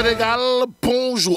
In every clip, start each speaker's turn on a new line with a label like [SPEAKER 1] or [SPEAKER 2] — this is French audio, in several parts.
[SPEAKER 1] Senegal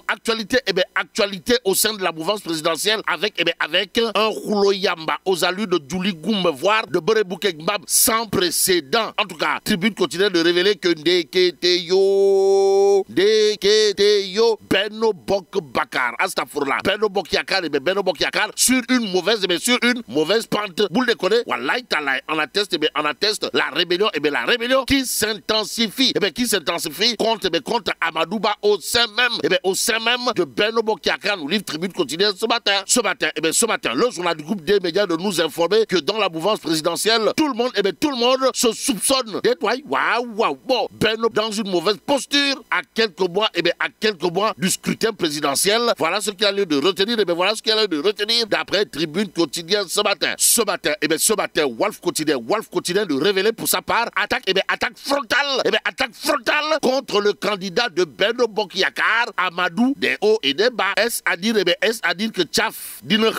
[SPEAKER 1] actualité, et eh bien actualité au sein de la mouvance présidentielle avec, et eh bien, avec un rouleau yamba aux allures de Djouli Goumbe, voire de Berebouke Gbab sans précédent. En tout cas, Tribune continue de révéler que Ndeketeyo, yo Beno Bok Bakar, Astafourla, Beno Bok Yakar, et eh Bok Yakar, sur une mauvaise, et eh bien sur une mauvaise pente. Boule de connaît, Wallahi Talai, on atteste, et bien on atteste la rébellion, et bien la rébellion qui s'intensifie, et bien qui s'intensifie contre, et bien contre Amadouba au sein même, et bien au au sein même de Beno Bokiakan nous livre Tribune quotidienne ce matin. Ce matin, et eh bien ce matin, le journal du groupe des médias de nous informer que dans la mouvance présidentielle, tout le monde, et eh tout le monde se soupçonne d'être, waouh, waouh, bon, Beno dans une mauvaise posture à quelques mois, et eh bien à quelques mois du scrutin présidentiel. Voilà ce qu'il a lieu de retenir, et bien voilà ce qu'il a lieu de retenir d'après Tribune quotidienne ce matin. Ce matin, et bien ce matin, Wolf quotidien, Wolf quotidien de révéler pour sa part attaque, et bien attaque frontale, et bien attaque frontale contre le candidat de Beno Bokiakar à Amadou des hauts et des bas. Est-ce à dire, eh bien, que Tchaf, Dine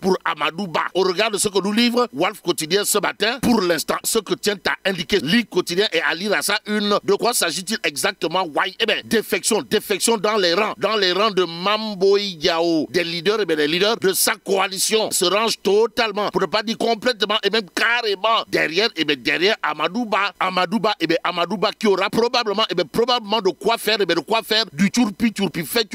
[SPEAKER 1] pour Amadou Ba Au ce que nous livre Wolf Quotidien ce matin, pour l'instant, ce que tient à indiquer Ligue Quotidien et à lire à ça une. De quoi s'agit-il exactement Eh défection, défection dans les rangs, dans les rangs de Mamboy Yao, des leaders, eh des leaders de sa coalition se rangent totalement, pour ne pas dire complètement et même carrément derrière, et eh derrière Amadou Ba. Amadou Ba, et eh Amadou Ba qui aura probablement, et eh probablement de quoi faire, et bien, de quoi faire du tchourpi tchourpi fait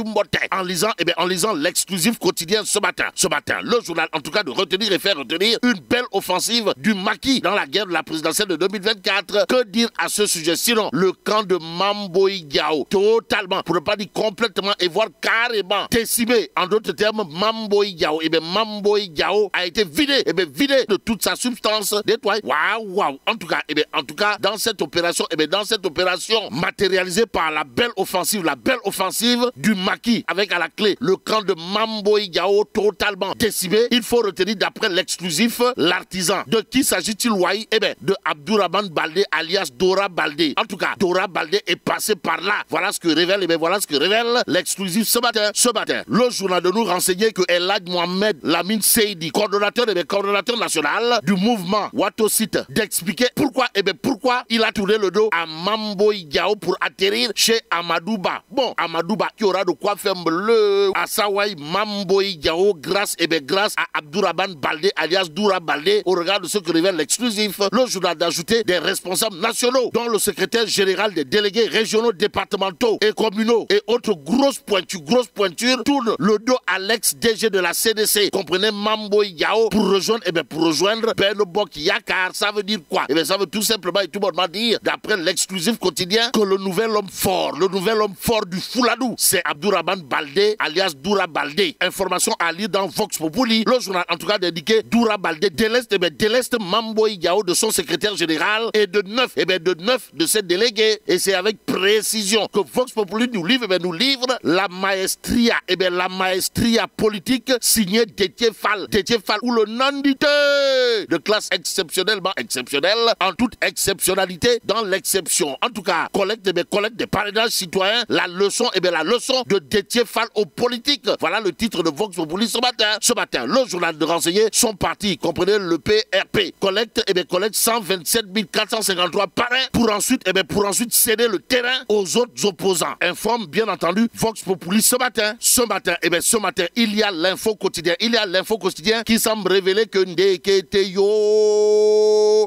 [SPEAKER 1] en lisant, eh bien, en lisant l'exclusif quotidien ce matin. Ce matin, le journal, en tout cas, de retenir et faire retenir une belle offensive du maquis dans la guerre de la présidentielle de 2024. Que dire à ce sujet Sinon, le camp de Mamboy totalement, pour ne pas dire complètement et voire carrément décimé. En d'autres termes, Mamboy Gao eh bien, Mamboy a été vidé, eh bien, vidé de toute sa substance. Détoile. Waouh, waouh. En tout cas, eh bien, en tout cas, dans cette opération, eh bien, dans cette opération matérialisée par la belle offensive, la belle offensive du maquis avec à la clé le camp de Mambo Igao totalement décimé. Il faut retenir d'après l'exclusif l'artisan. De qui s'agit-il Wai Eh bien, de Abdourahman Baldé alias Dora Baldé. En tout cas, Dora Baldé est passé par là. Voilà ce que révèle, et eh bien voilà ce que révèle l'exclusif ce matin. Ce matin, le journal de nous renseignait que Elad Mohamed Lamine Seydi, coordonnateur, et eh bien coordonnateur national du mouvement Watosite, d'expliquer pourquoi, et eh bien pourquoi il a tourné le dos à Mambo Igao pour atterrir chez Amadouba. Bon, Amadouba qui aura de quoi faire bleu. Asawai Mamboy Yao grâce et eh bien grâce à Abdouraban Baldé alias Doura Baldé au regard de ce que révèle l'exclusif, le journal d'ajouter des responsables nationaux dont le secrétaire général des délégués régionaux, départementaux et communaux et autres grosses pointures, grosses pointures tournent le dos à l'ex-DG de la CDC, comprenez Mamboy Yao pour rejoindre et eh bien pour rejoindre ben Bokia, Yakar, ça veut dire quoi Et eh bien ça veut tout simplement et tout bonnement dire d'après l'exclusif quotidien que le nouvel homme fort, le nouvel homme fort du Fouladou. C'est Abdourahmane Baldé, alias Doura Baldé. Information à lire dans Vox Populi. Le journal, en tout cas, d'indiquer Doura Baldé déleste, eh Yao de son secrétaire général et de neuf, eh bien, de neuf de ses délégués. Et c'est avec précision que Vox Populi nous livre, eh nous livre la maestria, eh bien, la maestria politique signée Détier Fall. Fall, ou le non de classe exceptionnellement exceptionnelle, en toute exceptionnalité, dans l'exception. En tout cas, collecte, de eh mes collecte des parrainages citoyens, la leçon, et eh bien la leçon de Détier Fall aux politiques. Voilà le titre de Vox Populi ce matin. Ce matin, le journal de renseigner son parti, comprenez le PRP, collecte, et eh bien collecte 127 453 parrains pour ensuite, et eh bien pour ensuite céder le terrain aux autres opposants. Informe bien entendu Vox Populi ce matin. Ce matin, et bien ce matin, il y a l'info quotidien. Il y a l'info quotidien qui semble révéler que Ndeketeyo,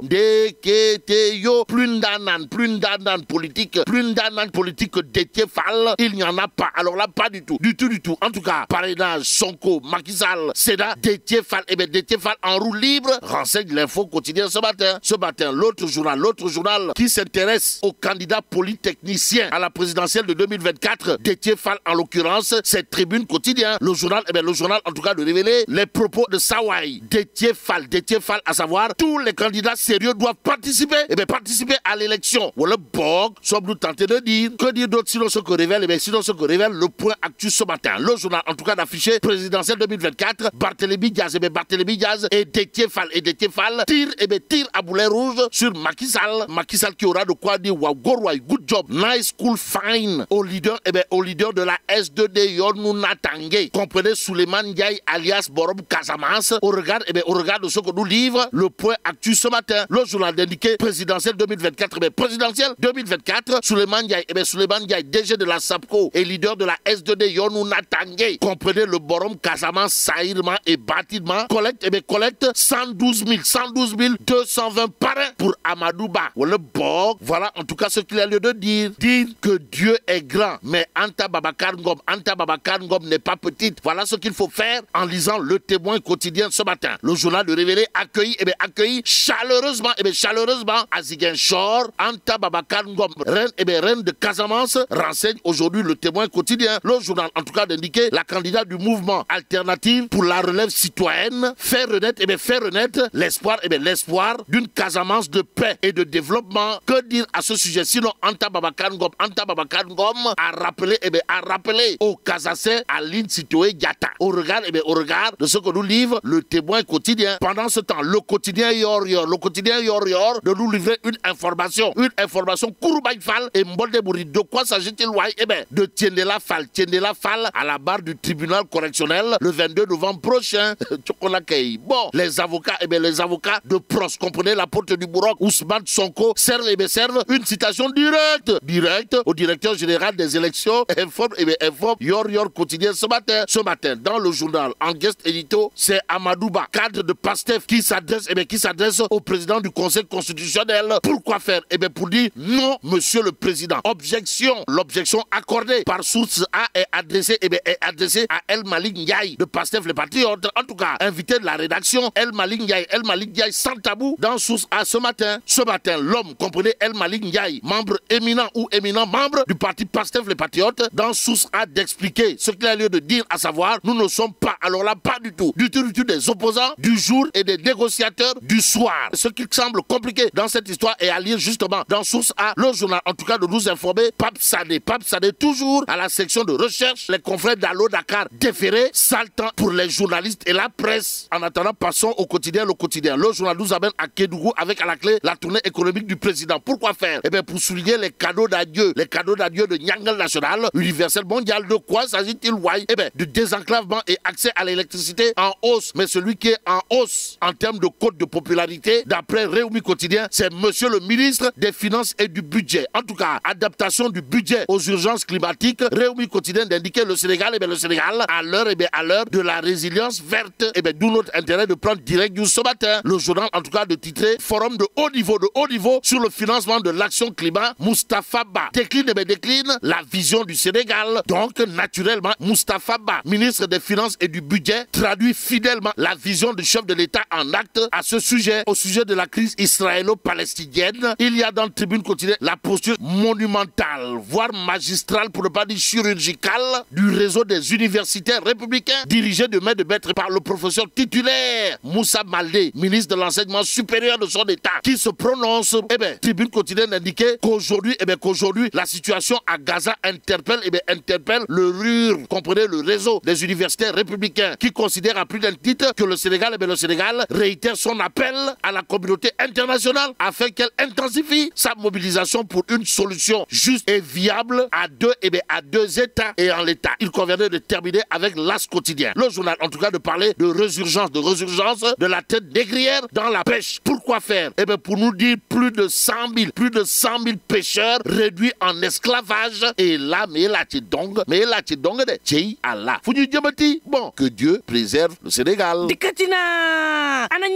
[SPEAKER 1] Ndeketeyo, plus d'un plus politique, plus politique que Détier il n'y en a pas. Alors là, pas du tout. Du tout, du tout. En tout cas, parrainage, Sonko, Macky Seda, Détiefal. Eh bien, Détiefal en roue libre renseigne l'info quotidien ce matin. Ce matin, l'autre journal, l'autre journal qui s'intéresse aux candidats polytechniciens à la présidentielle de 2024. Détiefal, en l'occurrence, cette tribune quotidien. Le journal, eh bien, le journal, en tout cas, de révéler les propos de Sawai. Détiefal, Détiefal, à savoir, tous les candidats sérieux doivent participer. Eh bien, participer à l'élection. Ou le BOG, sommes-nous tentés de dire. Que dire d'autre sinon ce que et eh bien, sinon ce que révèle le point actuel ce matin, le journal en tout cas d'affiché présidentiel 2024, Barthélémy Diaz, et eh bien, Barthélémy Diaz et Détiéfal et Détiéfal tire, et eh bien, tire à boulet rouge sur Macky Sall. qui aura de quoi dire, wow, go good job, nice, cool, fine, au leader, et bien, au leader de la S2D, Yonouna Tanguay. Comprenez Souleymane Ndiaye alias Borob Casamance. Au regard, et bien, au regard de ce que nous livre le point actuel ce matin, le journal d'indiqué présidentiel 2024, mais présidentiel 2024, Souleymane Ndiaye, et bien, Souleymane Ndiaye, DG de la Sapko et leader de la S2D Yonou Natangé. Comprenez le borom Casaman, Saïrman et Batidman. Collecte, et eh collecte 112 000, 112 220 parrains pour Amadouba. le Voilà en tout cas ce qu'il a lieu de dire. Dire que Dieu est grand, mais Anta Babakar Ngom, Anta Babakar Ngom n'est pas petite. Voilà ce qu'il faut faire en lisant le témoin quotidien ce matin. Le journal de révélé accueilli, et eh bien accueilli chaleureusement, et eh bien chaleureusement Azigen Shor, Anta Babakar Ngom, reine, et reine de Casamance, renseigne aujourd'hui le témoin quotidien, le journal en tout cas d'indiquer la candidate du mouvement alternative pour la relève citoyenne, faire renaître, et eh bien faire renaître l'espoir, et eh bien l'espoir d'une Casamance de paix et de développement. Que dire à ce sujet Sinon, Anta Babakan Gom, Anta a rappelé, et eh bien a rappelé au Kazassé à Situé Yata. Au regard, et bien au regard de ce que nous livre le témoin quotidien. Pendant ce temps, le quotidien Yor Yor, le quotidien Yor Yor, de nous livrer une information, une information Kouroubaïfal et Mbolde De quoi s'agit-il, eh ben, de fal, Fall. la à la barre du tribunal correctionnel le 22 novembre prochain. bon, les avocats, eh ben, les avocats de pros, comprenez la porte du Bourroc, Ousmane Sonko, eh ben, servent, une citation directe, directe au directeur général des élections, informe, eh ben, informe Yor Yor quotidien ce matin. Ce matin, dans le journal, en guest édito, c'est Amadouba, cadre de PASTEF, qui s'adresse, eh ben, qui s'adresse au président du Conseil constitutionnel. Pourquoi faire? Eh ben, pour dire non, monsieur le président. Objection, l'objection Accordé par source A et adressées, eh et bien, est à El Malik de Pastef les Patriotes. En tout cas, invité de la rédaction, El Malik El sans tabou dans source A ce matin. Ce matin, l'homme, comprenez El Malik Ndiaye, membre éminent ou éminent membre du parti Pastef les Patriotes, dans source A d'expliquer ce qu'il a lieu de dire, à savoir, nous ne sommes pas, alors là, pas du tout, du tout, du tout des opposants du jour et des négociateurs du soir. Ce qui semble compliqué dans cette histoire est à lire justement dans source A, le journal, en tout cas de nous informer, Pape Sané, Pape ça toujours à la section de recherche, les confrères d'Allo Dakar déférés, saltant pour les journalistes et la presse. En attendant, passons au quotidien, le quotidien. Le journal nous amène à Kédougou avec à la clé la tournée économique du président. Pourquoi faire Eh bien, pour souligner les cadeaux d'adieu, les cadeaux d'adieu de Nyangal National, universel mondial. De quoi s'agit-il, Wai Eh bien, du désenclavement et accès à l'électricité en hausse. Mais celui qui est en hausse en termes de cote de popularité, d'après Réumi Quotidien, c'est monsieur le ministre des Finances et du Budget. En tout cas, adaptation du budget aux urgences climatique, Réumi quotidien d'indiquer le Sénégal, et eh bien le Sénégal, à l'heure, et eh bien à l'heure de la résilience verte, et eh bien d'où notre intérêt de prendre direct du ce Le journal, en tout cas, de titrer Forum de haut niveau, de haut niveau sur le financement de l'action climat, Moustapha Ba. Décline, et bien décline la vision du Sénégal. Donc, naturellement, Moustapha Ba, ministre des Finances et du Budget, traduit fidèlement la vision du chef de l'État en acte à ce sujet, au sujet de la crise israélo-palestinienne. Il y a dans le tribune quotidien la posture monumentale, voire majeure pour le pas chirurgical... du réseau des universitaires républicains, dirigé de main de maître par le professeur titulaire Moussa Maldé, ministre de l'enseignement supérieur de son État, qui se prononce. Eh bien, tribune quotidienne indiquait qu'aujourd'hui, eh bien, qu'aujourd'hui, la situation à Gaza interpelle, eh bien, interpelle le RUR, comprenez, le réseau des universitaires républicains, qui considère à plus d'un titre que le Sénégal, eh bien, le Sénégal réitère son appel à la communauté internationale afin qu'elle intensifie sa mobilisation pour une solution juste et viable à deux, et eh à deux États et en l'État. Il conviendrait de terminer avec l'As quotidien. Le journal, en tout cas, de parler de résurgence, de résurgence de la tête négrière dans la pêche. Pourquoi faire Eh bien, pour nous dire plus de 100 000, plus de 100 000 pêcheurs réduits en esclavage. Et là, mais là, tu donc, mais là, tu donc, Allah. bon, que Dieu préserve le Sénégal.
[SPEAKER 2] ana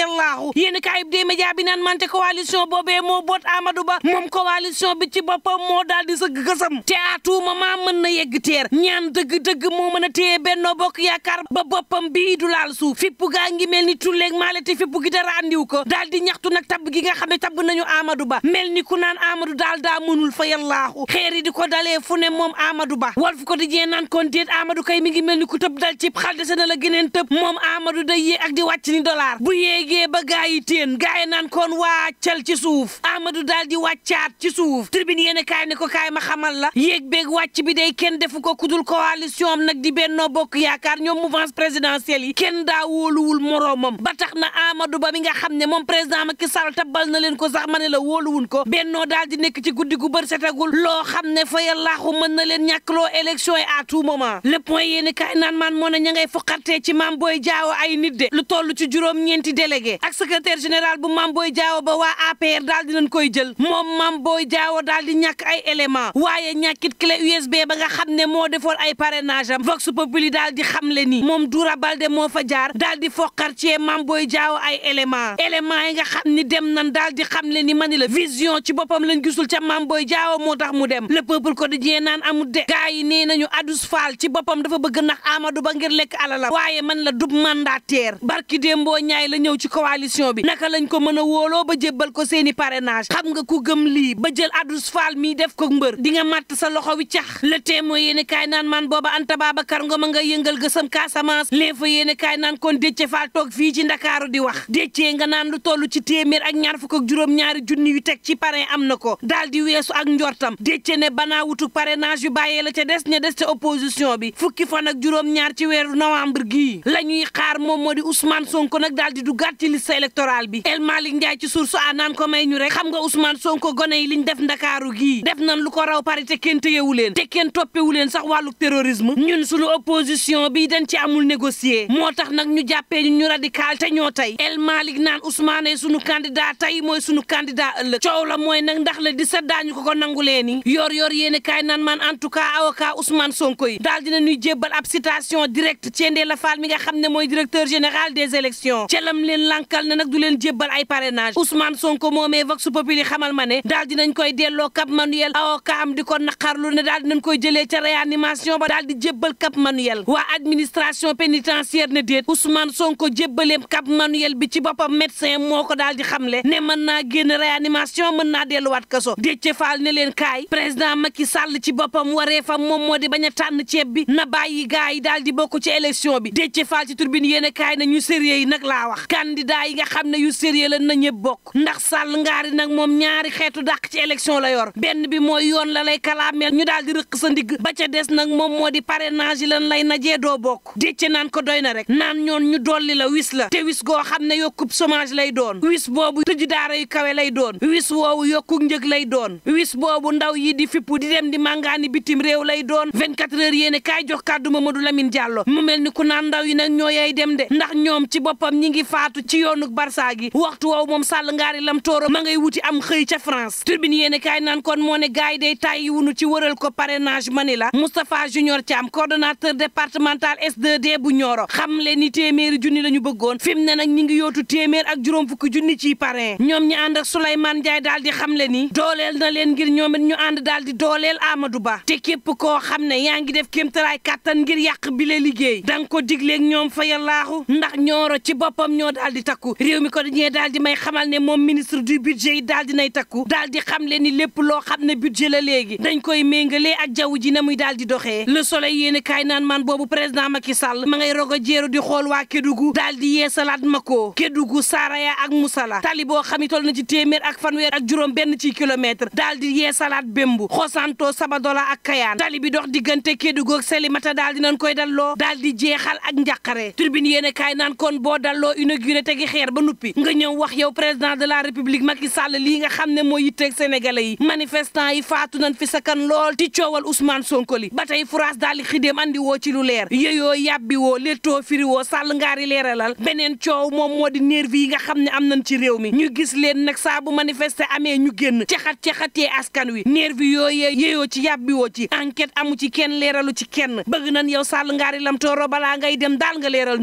[SPEAKER 2] yallaahu yéen a kaay bi média bi naan mante coalition boobee moo boot Amadou Ba moom coalition bi ci boppam moo daal di sëgg gësam te aatuma maa mën na yegg teer ñaan dëgg-dëgg moo mën a téye Benno Bokk Yaakaar ba boppam bii du laal suuf fippu gaa ngi mel ni tulleeg maale te fippu gi dara andiw ko daal di ñaxtu nag tabb gi nga xam ne tabb nañu Amadou Ba mel ni ku naan Amadou daal daa mënul fa yallaahu xeer yi di ko dalee fu ne moom Amadou Ba Walf Quotidien naan kon déet Amadou kay mi ngi mel ni ku tëb dal ci xal dese na la geneen tëb moom Amadou di yéegee ba gaa yi téen gaa yi naan kon wàccal ci suuf Amadou daal di wàccaat ci suuf tribune yéen kaay ne ko kaay ma xamal la yéeg beeg wàcc bi day kenn defu ko kudul coalition am nag di benno bokk yaakaar ñoom mouvance présidentielle yi kenn daa wóoluwul moroomam ba tax na Amadou Ba mi nga xam ne moom président Macky Sall tabal na leen ko sax ma ne la wul ko bennoo daal di nekk ci guddi gu bër setagul loo xam ne fa yàllaaxu mën na leen ñàkkloo élection yi à tout moment le point yéen naan maan moo ne ña ngay ci maam booy jaaw ay nit de lu toll ci juróom ñeenti délégué ak secrétaire général bu Mame Boye Diao ba waa APR daal di nañ koy jël moom Mame Boye Diao daal di ñàkk ay élément waaye ñàkkit clé USB ba nga xam ne moo defoon ay parrainage am Vox Populi daal di xam le ni moom Doura Baldé moo fa jaar daal di foqar ci Mame Boye Diao ay élément élément yi nga xam ni dem nan daal di xam le ni mani la vision ci boppam lañ gisul ca Mame Boye moo tax mu dem le peuple quotidien naan amul de gars yi nee nañu Adous Fall ci boppam dafa bëgg nax Amadou Ba ngir lekk alalam waaye man la dub mandataire barki démboo la ñëw ci coalition bi naka lañ ko mëna wolo ba jébal ko seeni parrainage xam nga ku gëm li ba jël Adrous Fall mi def ko mbeur di nga mat sa loxo wi le témo yene kay nan man boba Anta kar nga ma nga yëngal levo Casamance kainan yene kay nan kon déccé Fall tok fi ci Ndakaaru di wax déccé nga nan lu tollu ci témir ak ñaar fuk ak juroom ñaari junni yu tek ci parrain am ko di ak ndortam déccé ne bana wutu parrainage yu bayé la ci dess dess ci opposition bi fukki fan ak juroom ñaar ci wéru novembre gi lañuy xaar mom modi Ousmane Sonko nak daal di duggaat ci liste électorale bi El Malick Ndiaye ci source a naan ko may ñu rek xam nga Ousmane Sonko gone liñ def ndakaaru gii def nañ lu ko raw pare te kenn téyewu leen te kenn toppewu leen sax wàllu terrorisme ñun suñu opposition bi dañ ci amul négocier moo tax nag ñu jàppee ñu ñu radical te ñoo tey El Malick naan Ousmane suñu candidat tey mooy suñu candidat ëllëg coow la mooy nag ndax la di sa daañu ko ko nangulee ni yor yor yéene kaay naan man en tout cas avocat yi daal dina ñuy jébbal ab citation directe xam ne mooy directeur lankal ne nag du leen jébbal ay parrainage Ousmane Sonko moomee vox populi xamal ma ne daal dinañ koy delloo Cap Manuel awoka am di ko lu ne daal dinañ koy jëlee ca réanimation ba daal di jébbal Cap Manuel waa administration pénitentiaire ne déet Ousmane Sonko jébbaleem Cap Manuel bi ci boppam médecin moo ko daal di le ne mën naa génn réanimation mën naa delluwaat kaso Déthié Fall ne leen kaay président Macky Sall ci boppam waree fa moom moo di bañ a tànn ceeb bi na bàyyi gars yi daal di bokk ci élection bi Déthié Fall ci turbine yéen a na ñu yi nag laa wax candidat yi nga xam ne yu sérieux la na ñëpp bokk ndax Sall ngaari nag moom ñaari xeetu dax ci élection la yor benn bi mooy yoon la lay kalaameel ñu daal di rëq sa ndigg ba ca des nag moom moo di parrainage yi lan lay najee doo bokk décce naan ko doy na rek naan ñoon ñu dolli la wis la te wis goo xam ne yokkub chômage lay doon wis boobu tëj daara yu kawe lay doon wis woowu yokkuk njëg lay doon wis boobu ndaw yi di fippu di dem di màngaani bitim réew lay doon 24 heures yéene kaay jox kàddu Mamadou Lamine Diallo mu mel ni ku naan ndaw yi nag ñoo yay dem de ci yoonu Barça waxtu woowu moom Sall ngaari lam tooro ma ngay wuti am xëy ca France turbine yéen kaay naan kon moo ne gaay day tàyyi wunu ci wëral ko parrainage mani la Moustapha Junior Thiam coordonnateur départemental s d bu Nioro xam ni téeméeri junni la ñu bëggoon fi mu ne nag ñi ngi yootu téeméer ak juróom fukki junni ci parrain ñoom ñi ànd ak Souleymane Ndiaye daal di xam le ni dooleel na leen ngir ñoom it ñu ànd daal di dooleel Amadou Ba te képp koo xam ne yaa ngi def kéemtalaay kàttan ngir yàq bile liggéey da nga ñoo daal di mi ko dañee may xamal ne moom ministre du budget yi daal di nay takku daal di xam le ni lépp loo xam ne budget la léegi dañ koy méngalee ak jaww ji na muy daal di doxee le soleil yéeni kaay naan man boobu président Macky Sall ma ngay rogo jéeru di xool waa Kédougou daal di yeesalaat Mako Kédougou Saraya ak Moussala tali boo xam na ci téeméer ak fanweer ak juróom benn ci kilomètre daal di yeesalaat Bembu Xosanto Sabadola ak Kayaan tali bi dox diggante Kédougou ak Selimata daal di nañ koy dalloo daal di jeexal ak njàqare inauguré tegi xeer ba nuppi nga ñëw wax yow président de la république Macky Sall lii nga xam ne mooy moo yitteeg sénégalais yi manifestant yi faatu nañ fi sakan lool ci coowal Ousmane Sonko li ba tey France daal di xidéem andi woo ci lu leer yeyoo yàbbi woo léttoo firi woo sàll ngaari leeralal benen coow moom moo di nervi yi nga xam ne am nañ ci réew mi ñu gis leen nag saa bu manifester amee ñu génn caxat caxatee askan wi nervi yooyee yeyoo ci yàbbi woo ci enquête amu ci kenn leeralu ci kenn bëgg nañ yow sàll ngaari lam tooro balaa ngay dem daal nga leeral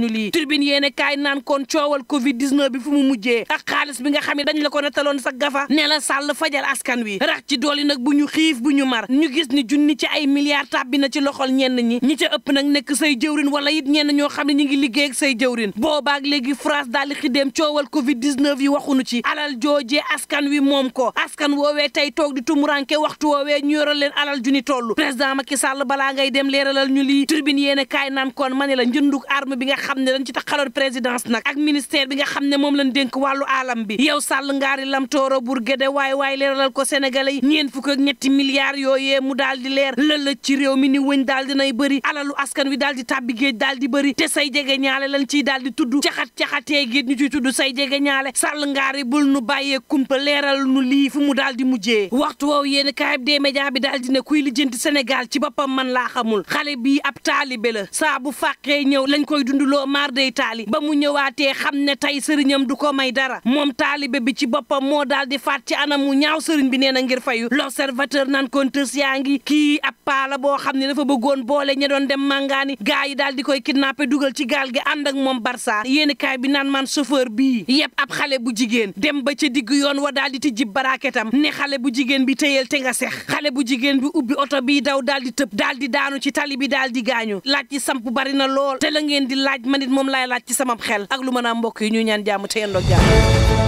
[SPEAKER 2] xool covid 19 bi fu mu mujjee ak xaalis bi nga xam ne dañ la ko nataloon sa gafa ne la fajal askan wi rax ci dool yi nag bu ñu xiif bu ñu mar ñu gis ni junni ci ay milliards tàbbi na ci loxol ñenn ñi ñi ca ëpp nag nekk say jëwrin wala it ñenn ñoo xam ne ñu ngi liggéey ak say jëwrin boobaak léegi France daal di xiddeem coowal covid 19 yi waxunu ci alal joojee askan wi moom ko askan woowee tey toog di tumuranke waxtu woowee ñu yoral leen alal ju ni toll président Macky Sall balaa dem leeralal ñu lii turbine yéen bi nga xam ne dañ ci taxaloon présidence ministère bi nga xam ne moom lañ dénk wàllu alam bi yow sàll ngaari lam tooro bur géde waay waay leeralal ko sénégalais yi ñeen fukk ak ñetti milliards yooyee mu daal di leer lëlëj ci réew mi ni wëñ daal dinay bëri alalu askan wi daal di tàbbi géej daal di bëri te say jege ñaale lañ ciy daal di tudd caxat-caxatee géej ñu ciy tudd say jege ñaale sàll ngaari bul nu bàyyee kumpa leeral nu lii fu mu daal di mujjee waxtu woow yéen kaayib des média bi daal di ne kuy lijjanti sénégal ci boppam man laa xamul xale bii ab taalibe la saa bu fàqee ñëw lañ koy dunduloo maar day taali ba mu ñëwaatee xam xam ne tey sëriñam du ko may dara moom taalibe bi ci boppam moo daal di faat ci anamu ñaaw sëriñ bi nee na ngir fayu l'observateur nan kontes yaa ngi kii ab paala boo xam ne dafa bëggoon boole ña doon dem màngaani gaa yi daal di koy kidnappé dugal ci gaal gi ànd ak moom barsa yéeni kaay bi naan man chauffeur bi yëpp ab xale bu jigéen dem ba ci digg yoon wa daal di tijji baraaketam ne xale bu jigéen bi téyel te nga sex xale bu jigéen bi ubbi oto bi daw daal di tëb daal di daanu ci tali bi daal di gaañu laaj ci samp bari na lool te la ngeen di laaj manit moom laay laaj ci sama xel ak lu mën mbokk yi ñu ñaan jàmm te yendoog jàmm